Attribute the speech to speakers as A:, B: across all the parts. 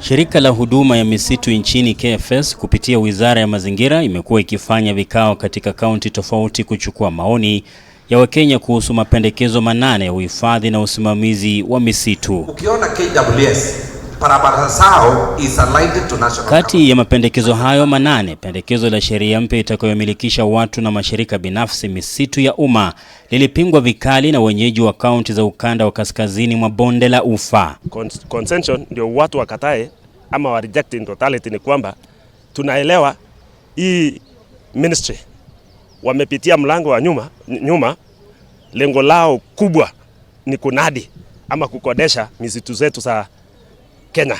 A: Shirika la huduma ya misitu nchini KFS kupitia Wizara ya Mazingira imekuwa ikifanya vikao katika kaunti tofauti kuchukua maoni ya Wakenya kuhusu mapendekezo manane ya uhifadhi na usimamizi wa misitu.
B: Ukiona KWS barabara zao is aligned to national.
A: Kati ya mapendekezo hayo manane, pendekezo la sheria mpya itakayomilikisha watu na mashirika binafsi misitu ya umma lilipingwa vikali na wenyeji wa kaunti za ukanda wa kaskazini mwa bonde la Ufa.
C: Consensus ndio watu wakatae ama wa reject in totality. Ni kwamba tunaelewa hii ministry wamepitia mlango wa nyuma, nyuma lengo lao kubwa ni kunadi ama kukodesha misitu zetu za Kenya.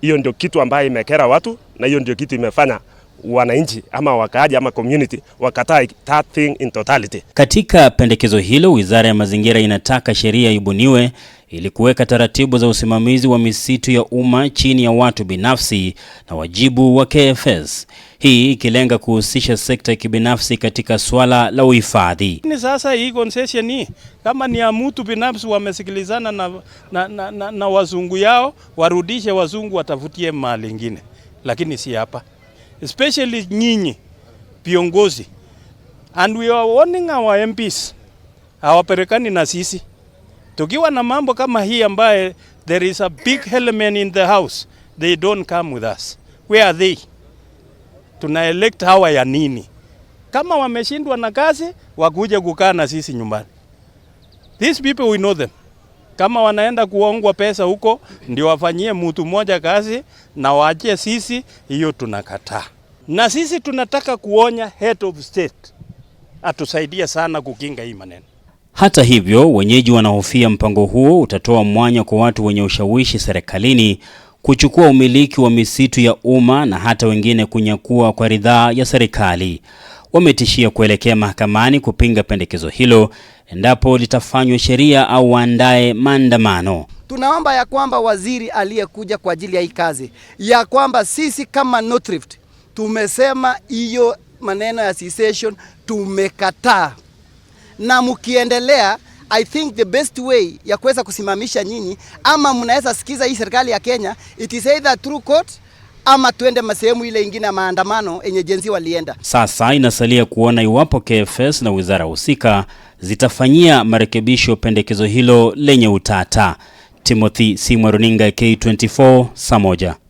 C: Hiyo ndio kitu ambayo imekera watu na hiyo ndio kitu imefanya wananchi ama wakaaji ama community wakatae that thing in totality.
A: Katika pendekezo hilo, Wizara ya Mazingira inataka sheria ibuniwe ili kuweka taratibu za usimamizi wa misitu ya umma chini ya watu binafsi na wajibu wa KFS, hii ikilenga kuhusisha sekta ya kibinafsi katika swala la uhifadhi.
D: Ni sasa hii concession hii kama ni ya mtu binafsi, wamesikilizana na, na, na, na, na wazungu yao, warudishe wazungu watafutie mali ingine, lakini si hapa especially nyinyi viongozi, and we are warning our MPs hawaperekani na sisi. Tukiwa na mambo kama hii ambaye there is a big element in the house, they don't come with us. Where are they? Tuna elect hawa ya nini? Kama wameshindwa na kazi, wakuje kukaa na sisi nyumbani. These people we know them. Kama wanaenda kuongwa pesa huko, ndio wafanyie mtu mmoja kazi na waachie sisi, hiyo tunakataa na sisi tunataka kuonya head of state atusaidia sana kukinga hii maneno.
A: Hata hivyo, wenyeji wanahofia mpango huo utatoa mwanya kwa watu wenye ushawishi serikalini kuchukua umiliki wa misitu ya umma na hata wengine kunyakua kwa ridhaa ya serikali. Wametishia kuelekea mahakamani kupinga pendekezo hilo endapo litafanywa sheria au waandae maandamano.
E: Tunaomba ya kwamba waziri aliyekuja kwa ajili ya hii kazi ya kwamba sisi kama North Rift Tumesema hiyo maneno ya cessation tumekataa, na mkiendelea, I think the best way ya kuweza kusimamisha nyinyi, ama mnaweza sikiza hii serikali ya Kenya, it is either through court ama tuende masehemu ile ingine ya maandamano yenye jenzi walienda.
A: Sasa inasalia kuona iwapo KFS na wizara husika zitafanyia marekebisho pendekezo hilo lenye utata. Timothy Simwa, runinga K24, saa moja.